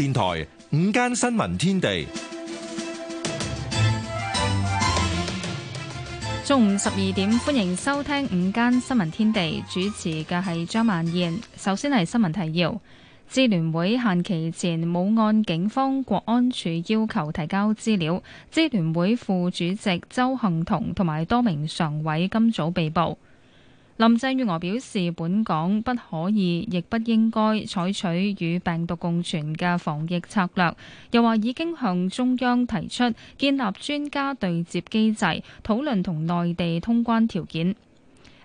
電台午間新聞天地，中午十二點，歡迎收聽午間新聞天地。主持嘅係張曼燕。首先係新聞提要：支聯會限期前冇按警方國安處要求提交資料，支聯會副主席鄒幸彤同埋多名常委今早被捕。林鄭月娥表示，本港不可以，亦不應該採取與病毒共存嘅防疫策略。又話已經向中央提出建立專家對接機制，討論同內地通關條件。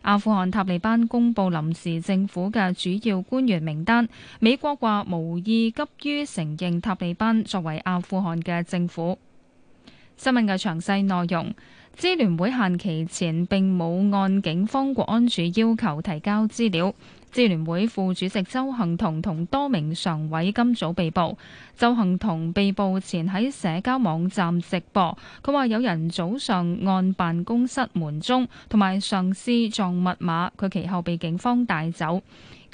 阿富汗塔利班公布臨時政府嘅主要官員名單，美國話無意急於承認塔利班作為阿富汗嘅政府。新聞嘅詳細內容。支聯會限期前並冇按警方國安處要求提交資料，支聯會副主席鄒幸彤同多名常委今早被捕。鄒幸彤被捕前喺社交網站直播，佢話有人早上按辦公室門鐘，同埋嘗試撞密碼，佢其後被警方帶走。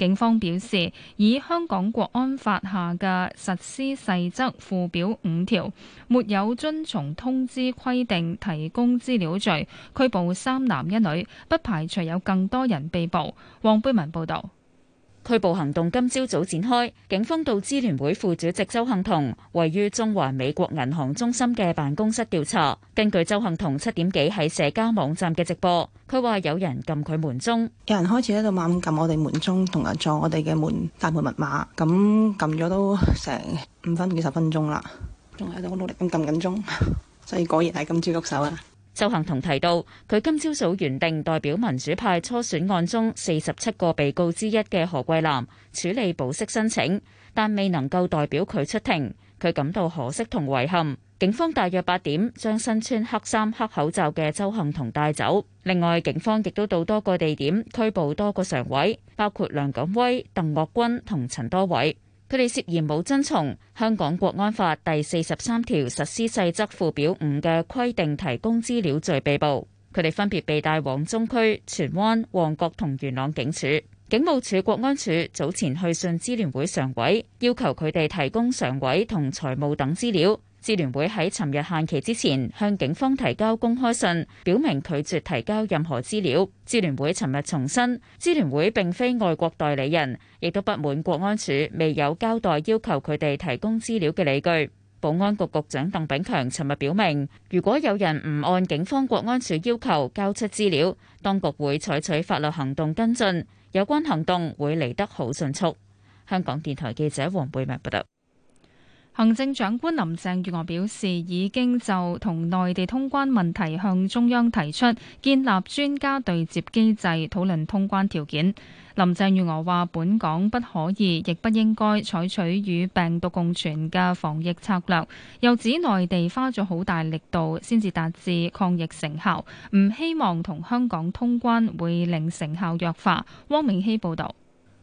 警方表示，以香港國安法下嘅實施細則附表五條，沒有遵從通知規定提供資料罪，拘捕三男一女，不排除有更多人被捕。黃貝文報道。拘捕行動今朝早展開，警方到支聯會副主席周幸彤位於中環美國銀行中心嘅辦公室調查。根據周幸彤七點幾喺社交網站嘅直播，佢話有人撳佢門鐘，有人開始喺度猛撳我哋門鐘，同埋撞我哋嘅門大門密碼。咁撳咗都成五分幾十分鐘啦，仲喺度好努力咁撳緊鐘，所以果然係今朝喐手啊！周幸彤提到，佢今朝早原定代表民主派初選案中四十七個被告之一嘅何桂藍處理保釋申請，但未能夠代表佢出庭，佢感到可惜同遺憾。警方大約八點將身穿黑衫、黑口罩嘅鄒幸彤帶走。另外，警方亦都到多個地點拘捕多個常委，包括梁錦威、鄧岳君同陳多偉。佢哋涉嫌冇遵從《香港國安法》第四十三條實施細則附表五嘅規定提供資料罪被捕，佢哋分別被帶往中區、荃灣、旺角同元朗警署。警務處國安處早前去信支聯會常委，要求佢哋提供常委同財務等資料。支聯會喺尋日限期之前向警方提交公開信，表明拒絕提交任何資料。支聯會尋日重申，支聯會並非外國代理人，亦都不滿國安處未有交代要求佢哋提供資料嘅理據。保安局局長鄧炳強尋日表明，如果有人唔按警方國安處要求交出資料，當局會採取法律行動跟進，有關行動會嚟得好迅速。香港電台記者黃貝明報道。行政長官林鄭月娥表示，已經就同內地通關問題向中央提出建立專家對接機制，討論通關條件。林鄭月娥話：本港不可以，亦不應該採取與病毒共存嘅防疫策略。又指內地花咗好大力度先至達至抗疫成效，唔希望同香港通關會令成效弱化。汪明熙報導。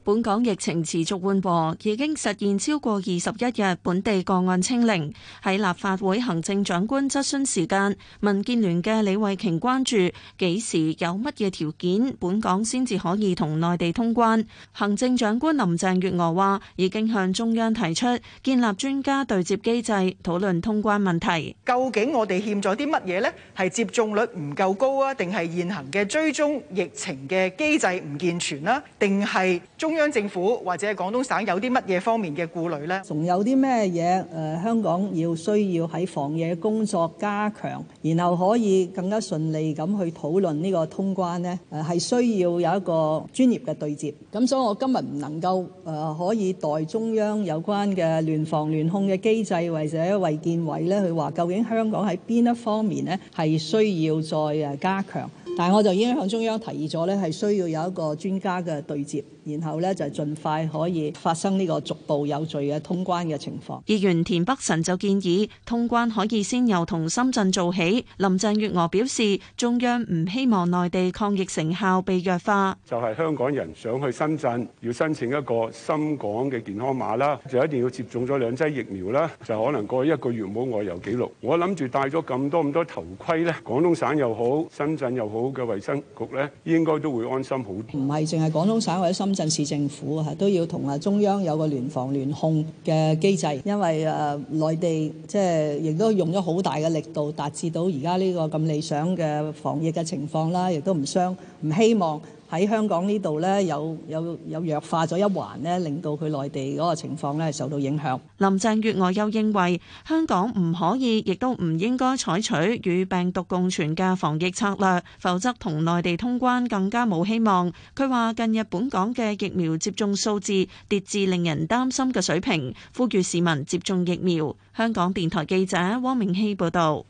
本港疫情持續緩和，已經實現超過二十一日本地個案清零。喺立法會行政長官質詢時間，民建聯嘅李慧瓊關注幾時有乜嘢條件，本港先至可以同內地通關。行政長官林鄭月娥話：已經向中央提出建立專家對接機制，討論通關問題。究竟我哋欠咗啲乜嘢呢？係接種率唔夠高啊，定係現行嘅追蹤疫情嘅機制唔健全啊？定係中中央政府或者廣東省有啲乜嘢方面嘅顧慮呢？仲有啲咩嘢？誒、呃，香港要需要喺防疫工作加強，然後可以更加順利咁去討論呢個通關呢，誒、呃，係需要有一個專業嘅對接。咁所以我今日唔能夠、呃、可以代中央有關嘅聯防聯控嘅機制或者衛健委呢，去話究竟香港喺邊一方面呢？係需要再誒加強。但係我就已經向中央提議咗呢，係需要有一個專家嘅對接。然後呢就盡快可以發生呢個逐步有序嘅通關嘅情況。議員田北辰就建議通關可以先由同深圳做起。林鄭月娥表示，中央唔希望內地抗疫成效被弱化。就係香港人想去深圳，要申請一個深港嘅健康碼啦，就一定要接種咗兩劑疫苗啦，就可能過一個月冇外遊記錄。我諗住戴咗咁多咁多頭盔呢，廣東省又好，深圳又好嘅衛生局呢，應該都會安心好多。唔係淨係廣東省或者深圳。鎮市政府啊，都要同啊中央有個聯防聯控嘅機制，因為誒內地即係亦都用咗好大嘅力度，達至到而家呢個咁理想嘅防疫嘅情況啦，亦都唔相唔希望。喺香港呢度呢，有有有弱化咗一環呢，令到佢內地嗰個情況呢，受到影響。林鄭月娥又認為香港唔可以，亦都唔應該採取與病毒共存嘅防疫策略，否則同內地通關更加冇希望。佢話，近日本港嘅疫苗接種數字跌至令人擔心嘅水平，呼籲市民接種疫苗。香港電台記者汪明熙報道。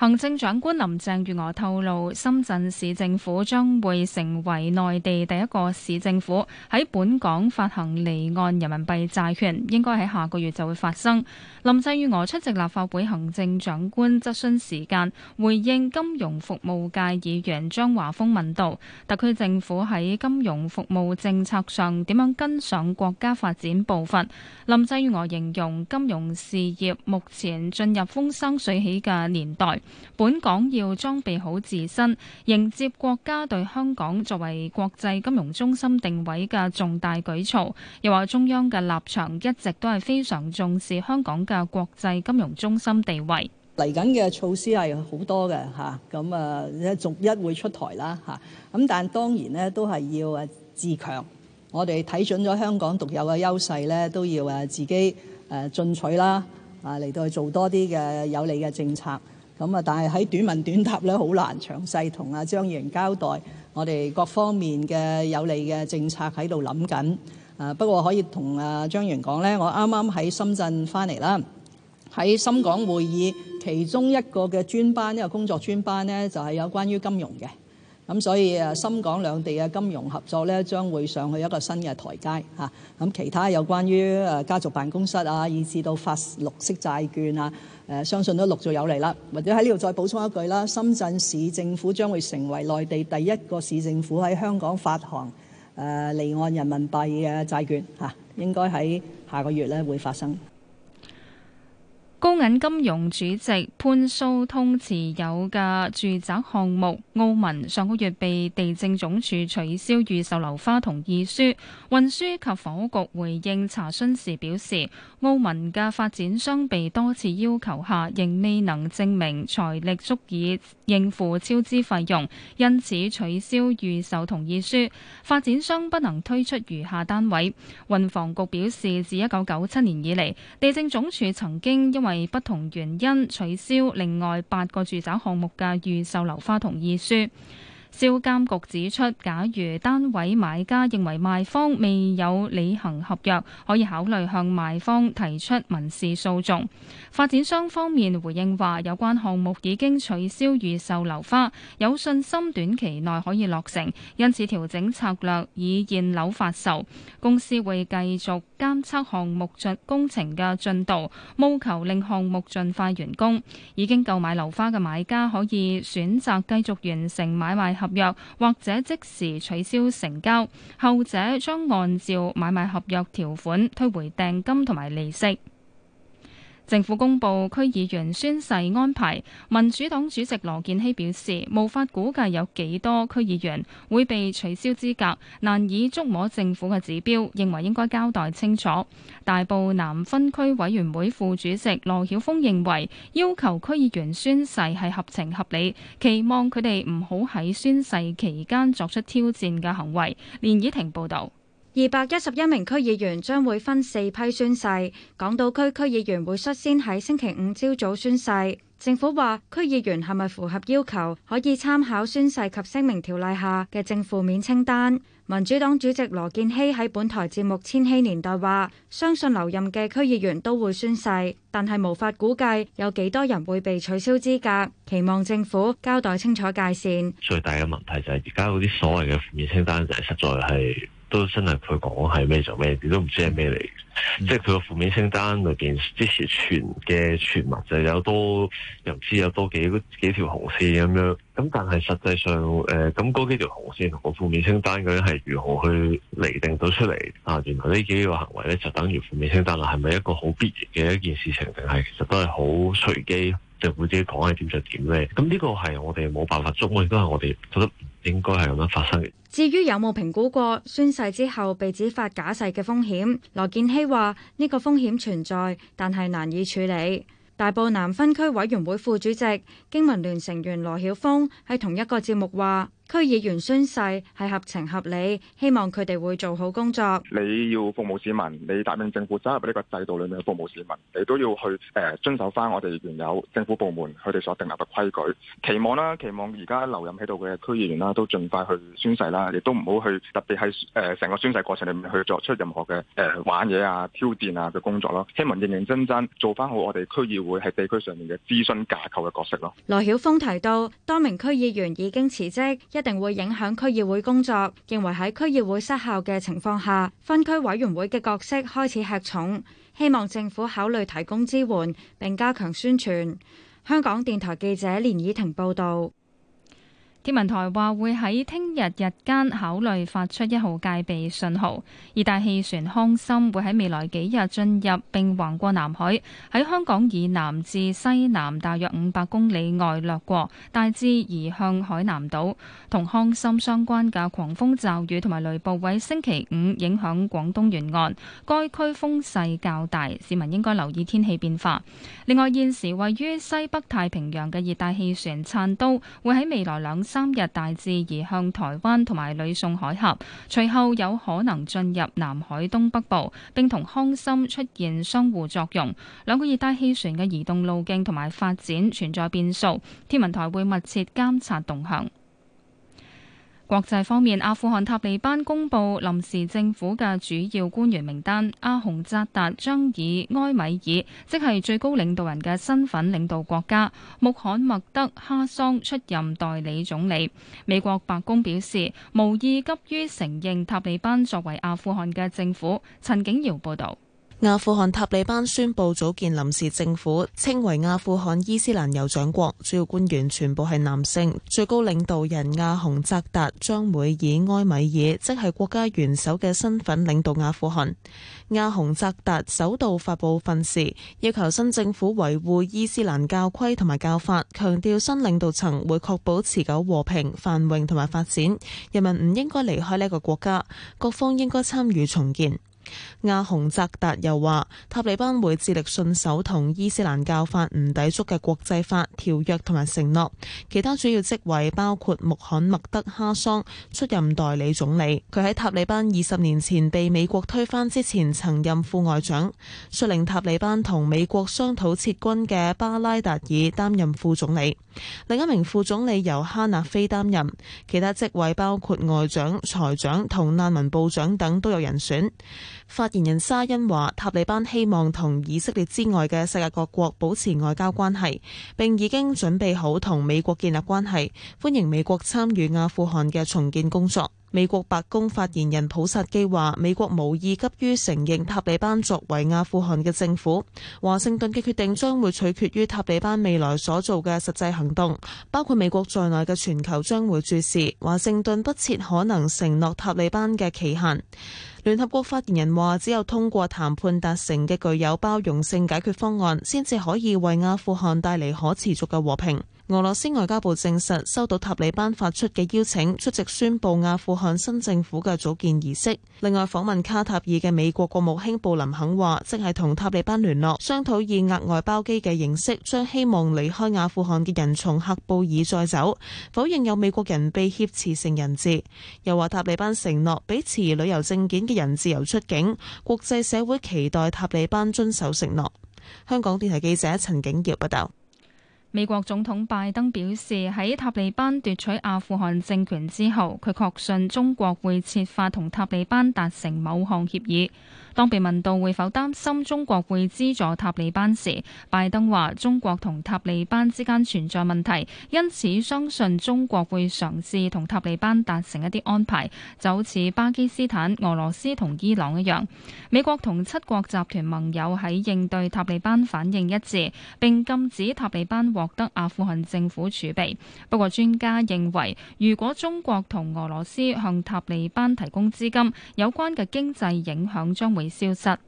行政長官林鄭月娥透露，深圳市政府將會成為內地第一個市政府喺本港發行離岸人民幣債券，應該喺下個月就會發生。林鄭月娥出席立法會行政長官質詢時間，回應金融服務界議員張華峰問道：「特區政府喺金融服務政策上點樣跟上國家發展步伐？」林鄭月娥形容金融事業目前進入風生水起嘅年代。.本港要裝備好自身，迎接國家對香港作為國際金融中心定位嘅重大舉措。又話中央嘅立場一直都係非常重視香港嘅國際金融中心地位，嚟緊嘅措施係好多嘅吓，咁啊一逐一會出台啦吓，咁但係當然咧，都係要誒自強，我哋睇準咗香港獨有嘅優勢咧，都要誒自己誒進取啦啊，嚟到去做多啲嘅有利嘅政策。咁啊！但係喺短問短答咧，好難詳細同阿張員交代我哋各方面嘅有利嘅政策喺度諗緊啊！不過可以同阿張員講咧，我啱啱喺深圳翻嚟啦，喺深港會議其中一個嘅專班一個工作專班咧，就係有關於金融嘅咁，所以啊深港兩地嘅金融合作咧，將會上去一個新嘅台階嚇。咁其他有關於啊家族辦公室啊，以至到發綠色債券啊。相信都陸續有嚟啦，或者喺呢度再補充一句啦，深圳市政府將會成為內地第一個市政府喺香港發行呃離岸人民幣嘅債券，啊，應該在喺下個月咧會發生。高銀金融主席潘蘇通持有嘅住宅項目澳文，上個月被地政總署取消預售樓花同意書。運輸及房屋局回應查詢時表示，澳文嘅發展商被多次要求下，仍未能證明財力足以應付超支費用，因此取消預售同意書，發展商不能推出餘下單位。運房局表示，自一九九七年以嚟，地政總署曾經因為為不同原因取消另外八個住宅項目嘅預售樓花同意書。銷監局指出，假如單位買家認為賣方未有履行合約，可以考慮向賣方提出民事訴訟。發展商方面回應話，有關項目已經取消預售樓花，有信心短期內可以落成，因此調整策略以現樓發售。公司會繼續監測項目進工程嘅進度，務求令項目盡快完工。已經購買樓花嘅買家可以選擇繼續完成買賣。合約或者即時取消成交，後者將按照買賣合約條款退回訂金同埋利息。政府公布區議員宣誓安排，民主黨主席羅健熙表示，無法估計有幾多區議員會被取消資格，難以捉摸政府嘅指標，認為應該交代清楚。大埔南分區委員會副主席羅曉峰認為，要求區議員宣誓係合情合理，期望佢哋唔好喺宣誓期間作出挑戰嘅行為。連以婷報導。二百一十一名區議員將會分四批宣誓，港島區區議員會率先喺星期五朝早宣誓。政府話區議員係咪符合要求，可以參考宣誓及聲明條例下嘅正負面清單。民主黨主席羅健熙喺本台節目《千禧年代》話：相信留任嘅區議員都會宣誓，但係無法估計有幾多人會被取消資格。期望政府交代清楚界線。最大嘅問題就係而家嗰啲所謂嘅負面清單就係實在係。都真係佢講係咩就咩，你都唔知係咩嚟。嗯、即係佢個負面清單裏邊之前傳嘅傳聞就有多，又唔知有多幾幾條紅線咁樣。咁但係實際上，誒咁嗰幾條紅線同個負面清單究竟係如何去厘定到出嚟？啊，原來呢幾個行為咧就等於負面清單啦，係咪一個好必然嘅一件事情，定係其實都係好隨機？政府自己講係點就點咧。咁呢個係我哋冇辦法捉，我亦都係我哋覺得。應該係咁樣發生。至於有冇評估過宣誓之後被指發假誓嘅風險，羅建熙話呢個風險存在，但係難以處理。大埔南分區委員會副主席、經文聯成員羅曉峰喺同一個節目話。區議員宣誓係合情合理，希望佢哋會做好工作。你要服務市民，你答應政府走入呢個制度裏面服務市民，你都要去誒遵守翻我哋原有政府部門佢哋所定立嘅規矩。期望啦，期望而家留任喺度嘅區議員啦，都盡快去宣誓啦，亦都唔好去特別係誒成個宣誓過程裏面去作出任何嘅誒玩嘢啊、挑戰啊嘅工作咯。希望認認真真做翻好我哋區議會喺地區上面嘅諮詢架構嘅角色咯。羅曉峰提到，多名區議員已經辭職。一定會影響區議會工作，認為喺區議會失效嘅情況下，分區委員會嘅角色開始吃重，希望政府考慮提供支援，並加強宣傳。香港電台記者連以婷報道。天文台話會喺聽日日間考慮發出一號戒備信號。熱帶氣旋康森會喺未來幾日進入並橫過南海，喺香港以南至西南大約五百公里外掠過，大致移向海南島。同康森相關嘅狂風驟雨同埋雷暴會星期五影響廣東沿岸，該區風勢較大，市民應該留意天氣變化。另外，現時位於西北太平洋嘅熱帶氣旋燦都會喺未來兩三三日大致移向台灣同埋呂宋海峽，隨後有可能進入南海東北部，並同康森出現相互作用。兩個熱帶氣旋嘅移動路徑同埋發展存在變數，天文台會密切監察動向。國際方面，阿富汗塔利班公布臨時政府嘅主要官員名單，阿洪扎達將以埃米爾，即係最高領導人嘅身份領導國家，穆罕默德哈桑出任代理總理。美國白宮表示，無意急於承認塔利班作為阿富汗嘅政府。陳景堯報道。阿富汗塔利班宣布組建臨時政府，稱為阿富汗伊斯蘭酋長國，主要官員全部係男性。最高領導人亞洪澤達將會以埃米爾，即係國家元首嘅身份領導阿富汗。亞洪澤達首度發布訓示，要求新政府維護伊斯蘭教規同埋教法，強調新領導層會確保持久和平、繁榮同埋發展。人民唔應該離開呢個國家，各方應該參與重建。阿洪扎達又話：塔利班會致力信守同伊斯蘭教法唔抵觸嘅國際法條約同埋承諾。其他主要職位包括穆罕默德哈桑出任代理總理，佢喺塔利班二十年前被美國推翻之前曾任副外長。率領塔利班同美國商討撤軍嘅巴拉達爾擔任副總理。另一名副總理由哈納菲擔任。其他職位包括外長、財長同難民部長等都有人選。發言人沙欣話：塔利班希望同以色列之外嘅世界各國保持外交關係，並已經準備好同美國建立關係，歡迎美國參與阿富汗嘅重建工作。美國白宮發言人普薩基話：美國無意急於承認塔利班作為阿富汗嘅政府。華盛頓嘅決定將會取決於塔利班未來所做嘅實際行動，包括美國在內嘅全球將會注視。華盛頓不設可能承諾塔利班嘅期限。聯合國發言人話：只有通過談判達成嘅具有包容性解決方案，先至可以為阿富汗帶嚟可持續嘅和平。俄羅斯外交部證實收到塔利班發出嘅邀請，出席宣佈阿富汗新政府嘅組建儀式。另外，訪問卡塔爾嘅美國國務卿布林肯話，即係同塔利班聯絡，商討以額外包機嘅形式，將希望離開阿富汗嘅人從喀布爾再走。否認有美國人被挾持成人質，又話塔利班承諾俾持旅遊證件嘅人自由出境。國際社會期待塔利班遵守承諾。香港電台記者陳景耀報道。美國總統拜登表示，喺塔利班奪取阿富汗政權之後，佢確信中國會設法同塔利班達成某項協議。當被問到會否擔心中國會資助塔利班時，拜登話：中國同塔利班之間存在問題，因此相信中國會嘗試同塔利班達成一啲安排，就好似巴基斯坦、俄羅斯同伊朗一樣。美國同七國集團盟友喺應對塔利班反應一致，並禁止塔利班獲得阿富汗政府儲備。不過專家認為，如果中國同俄羅斯向塔利班提供資金，有關嘅經濟影響將會消失。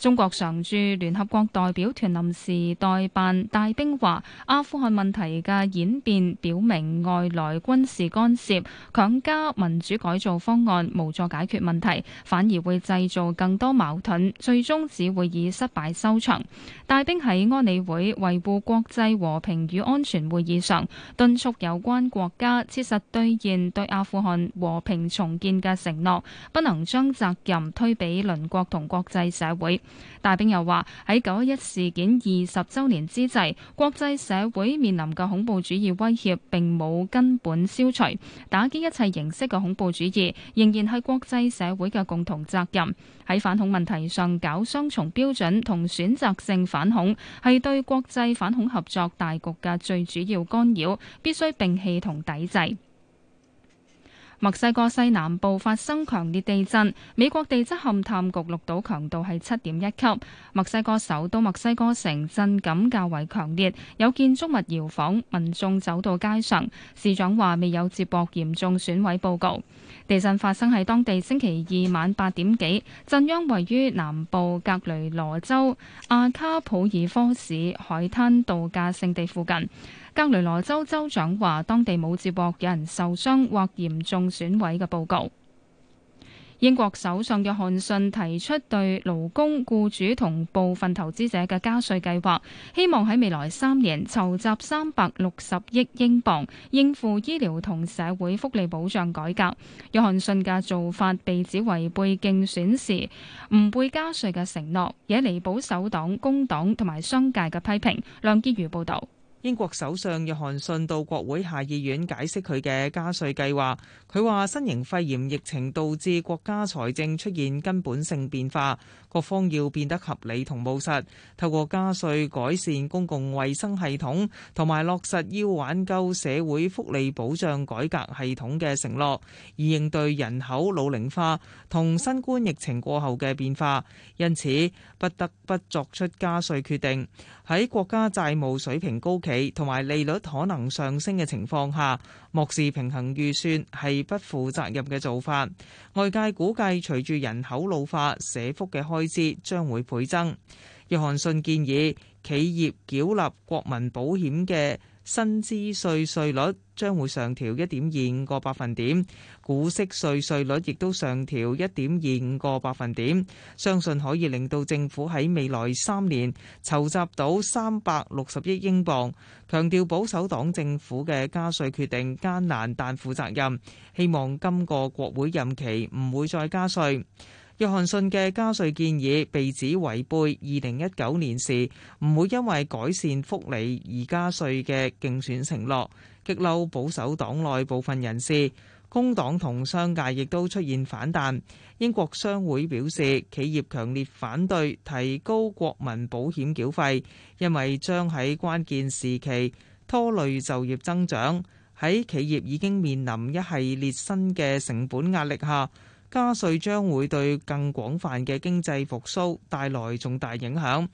中國常駐聯合國代表團臨時代辦大兵話：阿富汗問題嘅演變表明，外來軍事干涉、強加民主改造方案無助解決問題，反而會製造更多矛盾，最終只會以失敗收場。大兵喺安理會維護國際和平與安全會議上敦促有關國家切實兌現對阿富汗和平重建嘅承諾，不能將責任推俾鄰國同國際社會。大兵又話：喺九一一事件二十週年之際，國際社會面臨嘅恐怖主義威脅並冇根本消除，打擊一切形式嘅恐怖主義仍然係國際社會嘅共同責任。喺反恐問題上搞雙重標準同選擇性反恐，係對國際反恐合作大局嘅最主要干擾，必須摒棄同抵制。墨西哥西南部發生強烈地震，美國地質勘探局錄到強度係七點一級。墨西哥首都墨西哥城震感較為強烈，有建築物搖晃，民眾走到街上。市長話未有接獲嚴重損毀報告。地震發生喺當地星期二晚八點幾，震央位於南部格雷羅州阿卡普爾科市海灘度假勝地附近。格雷羅州州長話，當地冇接獲有人受傷或嚴重損毀嘅報告。英國首相約翰遜提出對勞工、僱主同部分投資者嘅加稅計劃，希望喺未來三年籌集三百六十億英鎊，應付醫療同社會福利保障改革。約翰遜嘅做法被指違背競選時唔會加稅嘅承諾，惹嚟保守黨、工黨同埋商界嘅批評。梁潔如報道。英國首相約翰遜到國會下議院解釋佢嘅加稅計劃。佢話：新型肺炎疫情導致國家財政出現根本性變化，各方要變得合理同務實，透過加稅改善公共衛生系統，同埋落實要挽救社會福利保障改革系統嘅承諾，以應對人口老齡化同新冠疫情過後嘅變化。因此，不得不作出加稅決定。喺國家債務水平高企同埋利率可能上升嘅情況下，漠視平衡預算係不負責任嘅做法。外界估計，隨住人口老化，社福嘅開支將會倍增。約翰遜建議企業繳納國民保險嘅薪資稅稅率，將會上調一點二五個百分點，股息稅稅率亦都上調一點二五個百分點，相信可以令到政府喺未來三年籌集到三百六十億英鎊。強調保守黨政府嘅加稅決定艱難但負責任，希望今個國會任期唔會再加稅。約翰遜嘅加稅建議被指違背二零一九年時唔會因為改善福利而加稅嘅競選承諾，激嬲保守黨內部分人士。工黨同商界亦都出現反彈，英國商會表示，企業強烈反對提高國民保險繳費，因為將喺關鍵時期拖累就業增長，喺企業已經面臨一系列新嘅成本壓力下。加稅將會對更廣泛嘅經濟復甦帶來重大影響，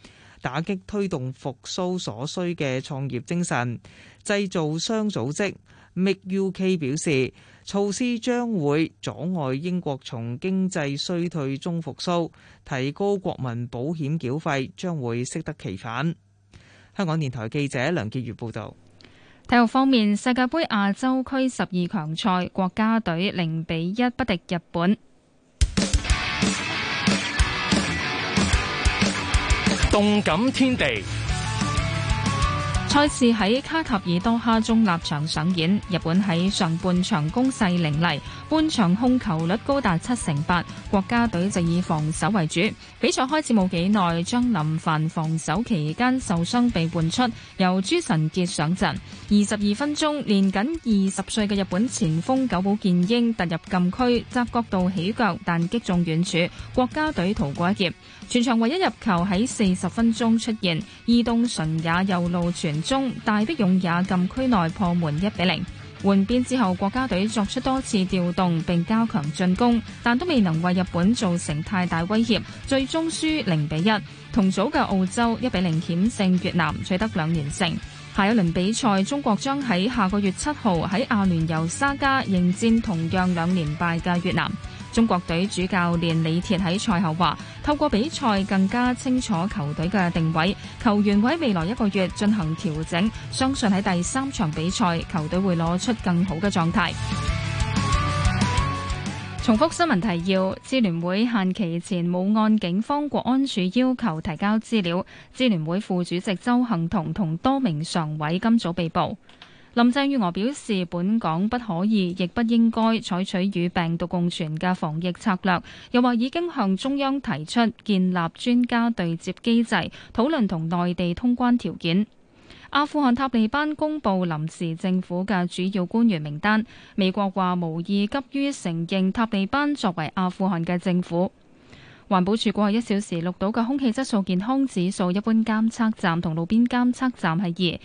打擊推動復甦所需嘅創業精神。製造商組織 Make UK 表示，措施將會阻礙英國從經濟衰退中復甦，提高國民保險繳費將會適得其反。香港電台記者梁潔如報導。體育方面，世界盃亞洲區十二強賽，國家隊零比一不敵日本。動感天地賽事喺卡塔爾多哈中立場上演，日本喺上半場攻勢凌厲。半場控球率高達七成八，國家隊就以防守為主。比賽開始冇幾耐，張林凡防守期間受傷被換出，由朱晨傑上陣。二十二分鐘，年僅二十歲嘅日本前鋒久保建英突入禁區，側角度起腳，但擊中遠處，國家隊逃過一劫。全場唯一入球喺四十分鐘出現，伊東純也右路傳中，大迫勇也禁區內破門，一比零。換邊之後，國家隊作出多次調動，並加強進攻，但都未能為日本造成太大威脅，最終輸零比一。同組嘅澳洲一比零險勝越南，取得兩連勝。下一輪比賽，中國將喺下個月七號喺阿聯酋沙迦迎戰同樣兩連敗嘅越南。中國隊主教練李鐵喺賽後話：透過比賽更加清楚球隊嘅定位，球員會喺未來一個月進行調整，相信喺第三場比賽球隊會攞出更好嘅狀態。重複新聞提要：支聯會限期前冇按警方國安署要求提交資料，支聯會副主席鄒幸彤同多名常委今早被捕。林鄭月娥表示，本港不可以，亦不應該採取與病毒共存嘅防疫策略。又話已經向中央提出建立專家對接機制，討論同內地通關條件。阿富汗塔利班公布臨時政府嘅主要官員名單。美國話無意急於承認塔利班作為阿富汗嘅政府。環保署過去一小時錄到嘅空氣質素健康指數，一般監測站同路邊監測站係二。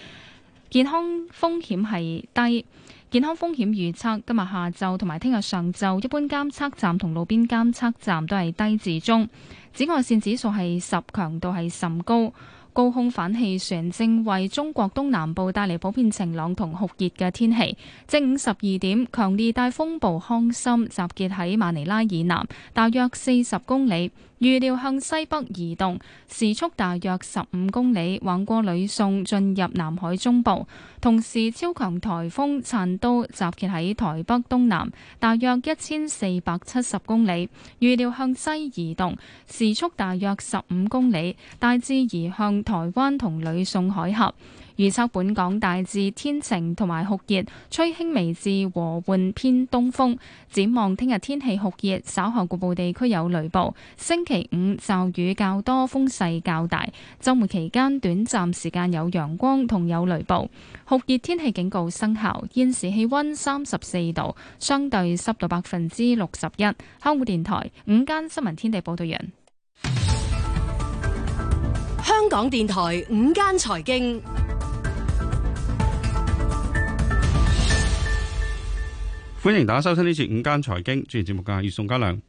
健康風險係低，健康風險預測今日下晝同埋聽日上晝一般監測站同路邊監測站都係低至中。紫外線指數係十，強度係甚高。高空反氣旋正為中國東南部帶嚟普遍晴朗同酷熱嘅天氣。正午十二點，強烈熱帶風暴康森集結喺馬尼拉以南，大約四十公里。預料向西北移動，時速大約十五公里，橫過呂宋進入南海中部。同時，超強颱風燦都集結喺台北東南，大約一千四百七十公里。預料向西移動，時速大約十五公里，大致移向台灣同呂宋海峽。預測本港大致天晴同埋酷熱，吹輕微至和緩偏東風。展望聽日天氣酷熱，稍後局部地區有雷暴。星期五驟雨較多，風勢較大。周末期間短暫時間有陽光同有雷暴。酷熱天氣警告生效。現時氣溫三十四度，相對濕度百分之六十一。香港電台午間新聞天地報道員。香港電台午間財經。歡迎大家收聽呢次午間財經，主持節目嘅係宋嘉良。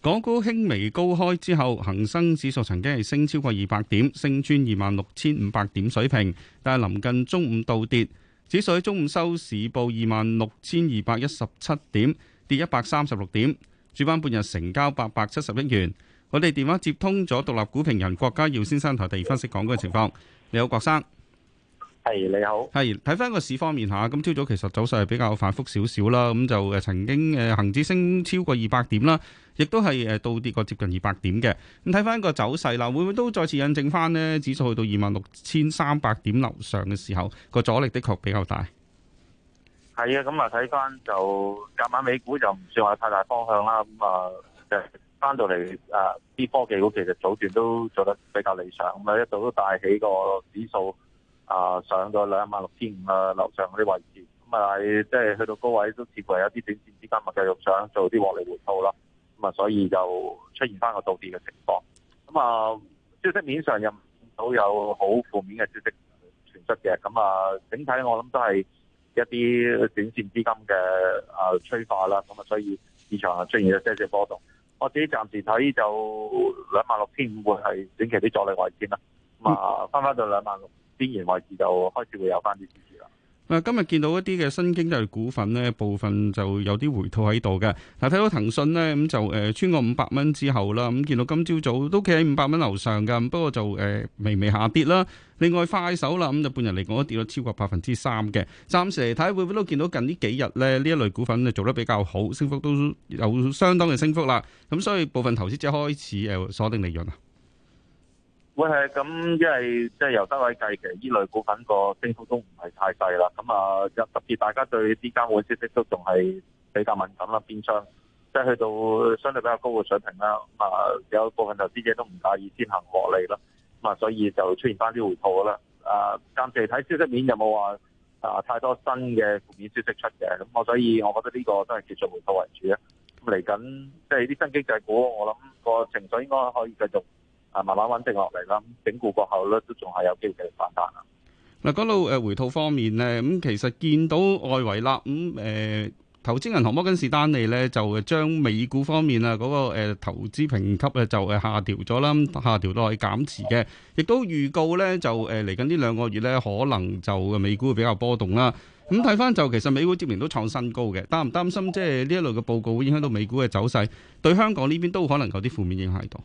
港股輕微高開之後，恒生指數曾經係升超過二百點，升穿二萬六千五百點水平，但係臨近中午倒跌，指數喺中午收市報二萬六千二百一十七點，跌一百三十六點，主板半日成交八百七十億元。我哋電話接通咗獨立股評人郭家耀先生同佢哋分析港股嘅情況。你好，郭生。係你好，係睇翻個市方面吓，咁朝早其實走勢係比較反覆少少啦，咁就誒曾經誒恒指升超過二百點啦，亦都係誒到跌過接近二百點嘅。咁睇翻個走勢啦，會唔會都再次印證翻呢指數去到二萬六千三百點樓上嘅時候，個阻力的確比較大。係啊，咁啊睇翻就夾埋美股就唔算話太大方向啦。咁、嗯、啊，就翻到嚟誒啲科技股其實早段都做得比較理想，咁啊一度都帶起個指數。啊！上咗兩萬六千五啊，樓上嗰啲位置咁啊，即係去到高位都似乎有啲短線資金咪繼續想做啲獲利回吐啦。咁啊，所以就出現翻個倒跌嘅情況。咁啊，消息面上又唔見到有好負面嘅消息傳出嘅。咁啊，整體我諗都係一啲短線資金嘅啊催化啦。咁啊，所以市場啊出現咗些少波動。我自己暫時睇就兩萬六千五會係短期啲阻力位置啦。咁啊，翻翻到兩萬六。天然位置就開始會有返啲支持啦。嗱，今日見到一啲嘅新經濟股份呢，部分就有啲回吐喺度嘅。嗱，睇到騰訊呢，咁就誒穿過五百蚊之後啦，咁見到今朝早都企喺五百蚊樓上㗎，不過就誒微微下跌啦。另外快手啦，咁就半日嚟講都跌咗超過百分之三嘅。暫時嚟睇，會唔會都見到近呢幾日呢呢一類股份就做得比較好，升幅都有相當嘅升幅啦。咁所以部分投資者開始誒鎖定利潤啊。會係咁，因為即係由單位計，其實呢類股份個升幅都唔係太細啦。咁啊，特別大家對啲監會消息都仲係比較敏感啦。變相即係去到相對比較高嘅水平啦。啊，有部分投資者都唔介意先行獲利啦。咁啊，所以就出現翻啲回吐啦。啊，暫時睇消息面有冇話啊太多新嘅負面消息出嘅。咁我所以我覺得呢個都係技術回吐為主啊。咁嚟緊即係啲新經濟股，我諗個情緒應該可以繼續。啊，慢慢穩定落嚟啦，整固過後咧，都仲係有機會嘅反彈嗱，講到回吐方面咧，咁其實見到外圍啦，咁、嗯、誒、欸，投資銀行摩根士丹利咧就將美股方面啊嗰個投資評級咧就誒下調咗啦，下調去減持嘅，亦都預告咧就誒嚟緊呢兩個月咧可能就美股會比較波動啦。咁睇翻就其實美股接連都創新高嘅，擔唔擔心即係呢一類嘅報告會影響到美股嘅走勢，對香港呢邊都可能有啲負面影響喺度？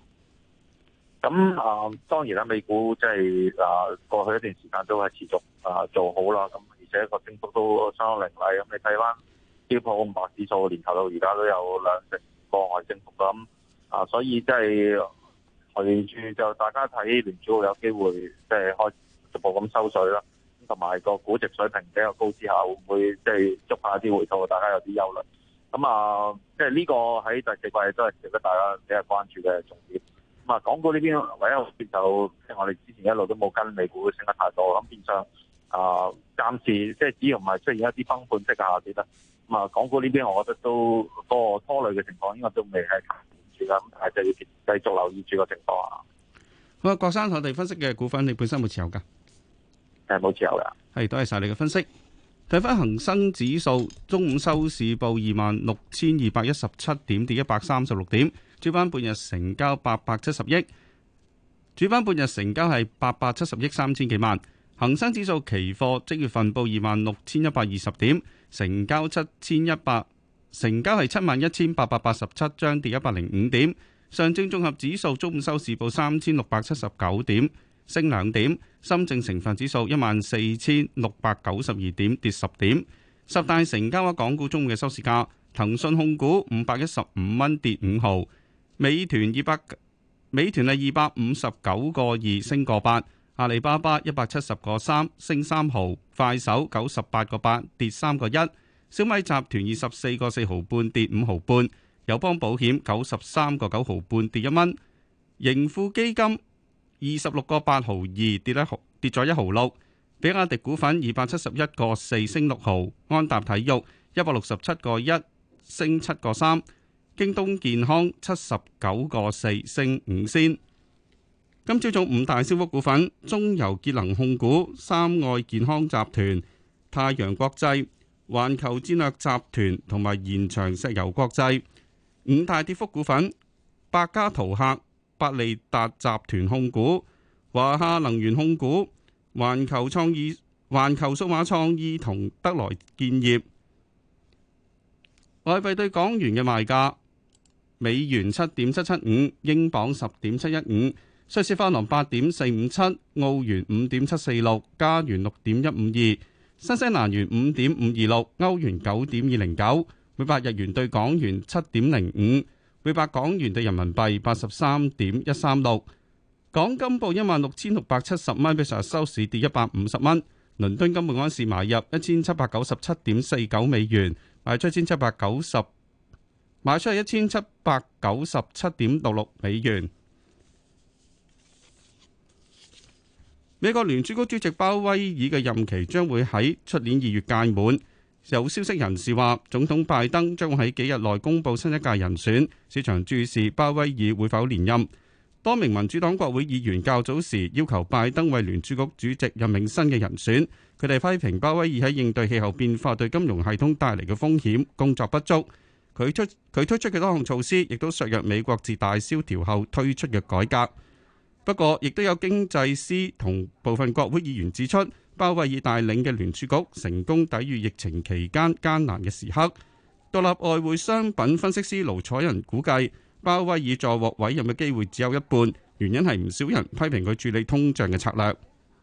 咁啊，當然啦，美股即係啊，過去一段時間都係持續啊做好啦，咁而且個升幅都相當凌厲。咁你睇翻標普五百指數，年頭到而家都有兩成個外升幅咁啊，所以即係隨住就大家睇，聯儲會有機會即係開逐步咁收水啦。咁同埋個估值水平比較高之下，會唔會即係捉下啲回吐？大家有啲憂慮。咁啊，即係呢個喺第四季都係值得大家比較關注嘅重點。咁啊，港股呢邊唯一特別，就即係我哋之前一路都冇跟美股升得太多，咁變相啊，呃，暫時即係只要唔係出現一啲崩盤式嘅下跌啦。咁啊，港股呢邊我覺得都個拖累嘅情況，應該都未係停住啦，咁係就要繼續留意住個情況。咁啊，郭生，我哋分析嘅股份你本身有冇持有噶？誒，冇持有噶。係，多謝晒你嘅分析。睇翻恒生指數，中午收市報二萬六千二百一十七點，跌一百三十六點。主板半日成交八百七十億，主板半日成交係八百七十億三千幾萬。恒生指數期貨即月份報二萬六千一百二十點，成交七千一百，成交係七萬一千八百八十七張，跌一百零五點。上證綜合指數中午收市報三千六百七十九點，升兩點。深證成分指數一萬四千六百九十二點，跌十點。十大成交額港股中午嘅收市價，騰訊控股五百一十五蚊，跌五毫。美團二百，美團係二百五十九個二升個八，阿里巴巴一百七十個三升三毫，快手九十八個八跌三個一，小米集團二十四個四毫半跌五毫半，友邦保險九十三個九毫半跌一蚊，盈富基金二十六個八毫二跌一毫，跌咗一毫六，比亞迪股份二百七十一個四升六毫，安踏體育一百六十七個一升七個三。京東健康七十九個四升五仙。今朝早五大升幅股份：中油節能控股、三愛健康集團、太陽國際、環球戰略集團同埋延長石油國際。五大跌幅股份：百家淘客、百利達集團控股、華夏能源控股、環球創意、環球數碼創意同德萊建業。外幣對港元嘅賣價。美元七點七七五，英鎊十點七一五，瑞士法郎八點四五七，澳元五點七四六，加元六點一五二，新西蘭元五點五二六，歐元九點二零九，每百日元對港元七點零五，每百港元對人民幣八十三點一三六。港金報一萬六千六百七十蚊，比上日收市跌一百五十蚊。倫敦金每盎司買入一千七百九十七點四九美元，賣出一千七百九十。賣出去一千七百九十七點六六美元。美國聯儲局主席鮑威爾嘅任期將會喺出年二月屆滿。有消息人士話，總統拜登將會喺幾日內公布新一屆人選，市場注視鮑威爾會否連任。多名民主黨國會議員較早時要求拜登為聯儲局主席任命新嘅人選，佢哋批評鮑威爾喺應對氣候變化對金融系統帶嚟嘅風險工作不足。佢出佢推出嘅多項措施，亦都削弱美國自大蕭條後推出嘅改革。不過，亦都有經濟師同部分國會議員指出，鮑威爾帶領嘅聯儲局成功抵禦疫情期間艱難嘅時刻。獨立外匯商品分析師盧楚仁估計，鮑威爾再獲委任嘅機會只有一半，原因係唔少人批評佢處理通脹嘅策略。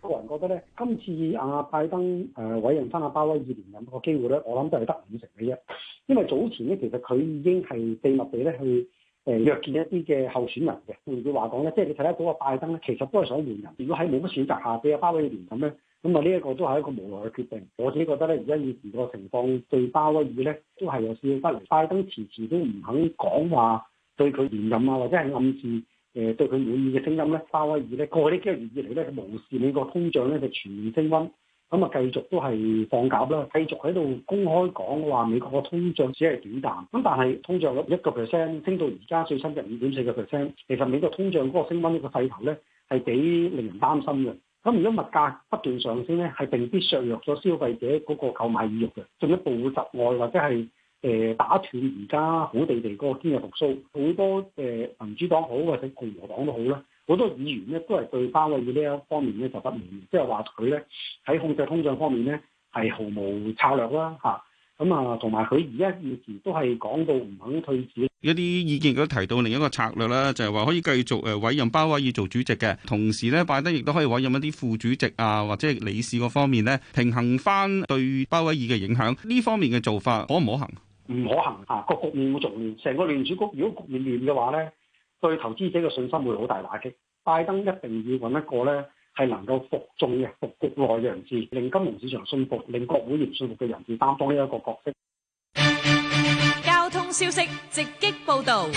我個人覺得咧，今次阿拜登誒委任翻阿鮑威爾連任個機會咧，我諗都係得五成嘅啫。因為早前咧，其實佢已經係秘密地咧去誒、呃、約見一啲嘅候選人嘅。換句話講咧，即係你睇得到阿拜登咧，其實都係想換人。如果喺冇乜選擇下俾阿鮑威爾連任咧，咁啊呢一個都係一個無奈嘅決定。我自己覺得咧，而家以前個情況對鮑威爾咧都係有少少不利。拜登遲遲都唔肯講話對佢連任啊，或者係暗示。誒對佢滿意嘅聲音咧，鮑威爾咧過去呢幾年以嚟咧，佢無視美國通脹咧就全面升溫，咁啊繼續都係放鴿啦，繼續喺度公開講話美國嘅通脹只係短暫，咁但係通脹率一個 percent 升到而家最新嘅五點四個 percent，其實美國通脹嗰個升溫呢個勢頭咧係幾令人擔心嘅。咁如果物價不斷上升咧，係必削弱咗消費者嗰個購買意欲嘅，進一步會窒礙或者係。誒打斷而家好地地嗰個經濟復甦，好多誒民主黨好或者共和黨都好啦。好多議員呢都係對鮑威爾呢一方面呢就不滿意，即係話佢咧喺控制通脹方面呢係毫無策略啦吓。咁啊，同埋佢而家現時都係講到唔肯退止。一啲意見亦都提到另一個策略啦，就係話可以繼續誒委任鮑威爾做主席嘅，同時咧拜登亦都可以委任一啲副主席啊或者理事嗰方面呢，平衡翻對鮑威爾嘅影響。呢方面嘅做法可唔可行？唔可行啊！個局面會續亂，成個聯儲局。如果局面亂嘅話咧，對投資者嘅信心會好大打擊。拜登一定要揾一個咧，係能夠服眾嘅、服局內人士，令金融市場信服、令國會亦信服嘅人士擔當呢一個角色。交通消息直擊報導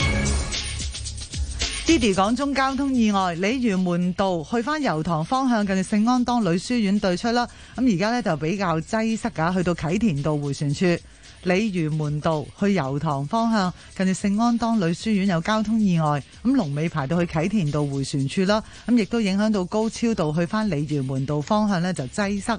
d i y 港中交通意外，鯉魚門道去返油塘方向，近住聖安當女書院對出啦。咁而家咧就比較擠塞噶，去到啟田道回旋處。鯉魚門道去油塘方向，近住聖安當女書院有交通意外，咁龍尾排到去啟田道迴旋處啦，咁亦都影響到高超道去返鯉魚門道方向呢，就擠塞。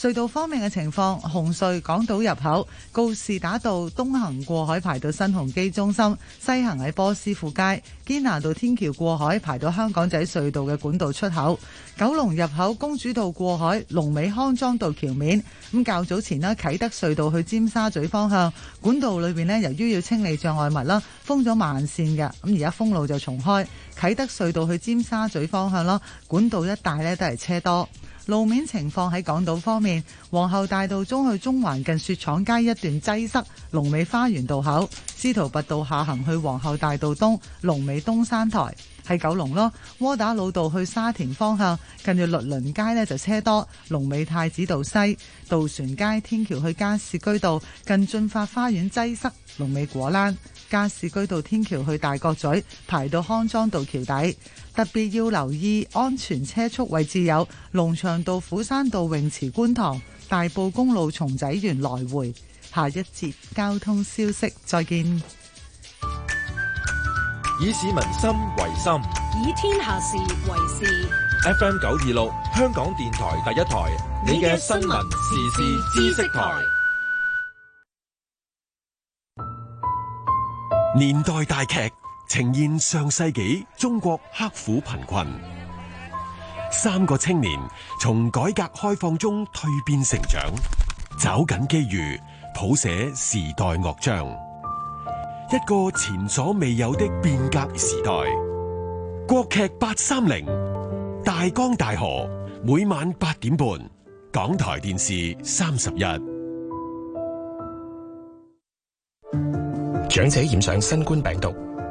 隧道方面嘅情況，紅隧港島入口告士打道東行過海排到新鴻基中心，西行喺波斯富街堅拿道天橋過海排到香港仔隧道嘅管道出口。九龍入口公主道過海龍尾康莊道橋面。咁較早前呢，啟德隧道去尖沙咀方向管道裏面呢，由於要清理障礙物啦，封咗慢線嘅。咁而家封路就重開，啟德隧道去尖沙咀方向咯，管道一帶呢都係車多。路面情況，喺港島方面，皇后大道中，去中環近雪廠街一段擠塞，龍尾花園道口；司徒拔道下行去皇后大道東，龍尾東山台。喺九龍咯，窩打老道去沙田方向近住律倫街呢就車多，龍尾太子道西渡船街天橋去加士居道近駿發花園擠塞，龍尾果欄加士居道天橋去大角咀排到康莊道橋底。特別要留意安全車速位置有龍翔道、虎山道、泳池、觀塘、大埔公路、松仔園來回。下一節交通消息，再見。以市民心為心，以天下事為事。F M 九二六，香港電台第一台，你嘅新聞時事知識台，年代大劇。呈現上世紀中國刻苦貧困，三個青年從改革開放中蛻變成長，找緊機遇，譜寫時代樂章。一個前所未有的變革時代。國劇八三零，大江大河，每晚八點半，港台電視三十一。長者染上新冠病毒。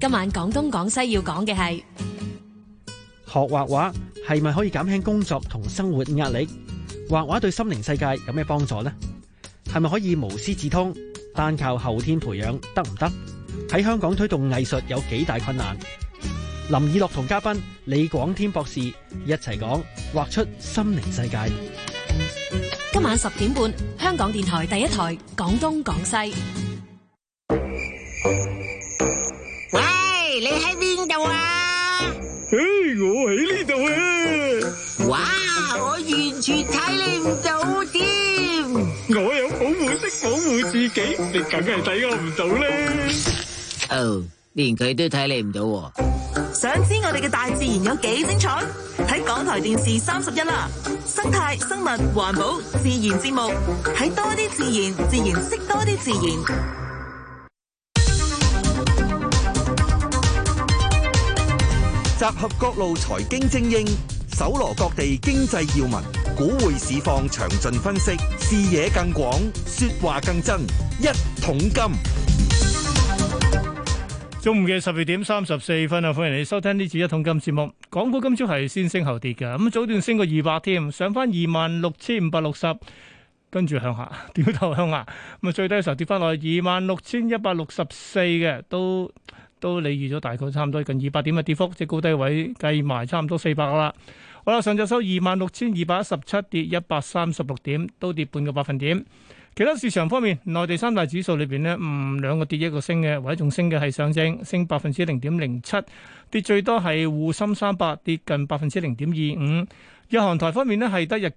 今晚廣東廣西要講嘅係學畫畫係咪可以減輕工作同生活壓力？畫畫對心靈世界有咩幫助呢？係咪可以無師自通？單靠後天培養得唔得？喺香港推動藝術有幾大困難？林以樂同嘉賓李廣天博士一齊講畫出心靈世界。今晚十點半，香港電台第一台廣東廣西。你喺邊度啊？誒，我喺呢度啊！哇，我完全睇你唔到添！我有保護色保護自己，你梗係睇我唔到咧。哦，連佢都睇你唔到。想知我哋嘅大自然有幾精彩？喺港台電視三十一啦，生態、生物、環保、自然節目，睇多啲自然，自然識多啲自然。集合各路財經精英，搜羅各地經濟要聞，股匯市況詳盡分析，視野更廣，說話更真。一桶金，中午嘅十二點三十四分啊！歡迎你收聽呢次一桶金節目。港股今朝係先升後跌嘅，咁早段升過二百添，上翻，二萬六千五百六十，跟住向下，掉頭向下，咁啊，最低嘅時候跌翻落去二萬六千一百六十四嘅，都。都你預咗大概差唔多近二百點嘅跌幅，即係高低位計埋，差唔多四百啦。好啦，上晝收二萬六千二百一十七，跌一百三十六點，都跌半個百分點。其他市場方面，內地三大指數裏邊呢，嗯，兩個跌一個升嘅，唯一仲升嘅係上證，升百分之零點零七，跌最多係滬深三百跌近百分之零點二五。日韓台方面呢，係得日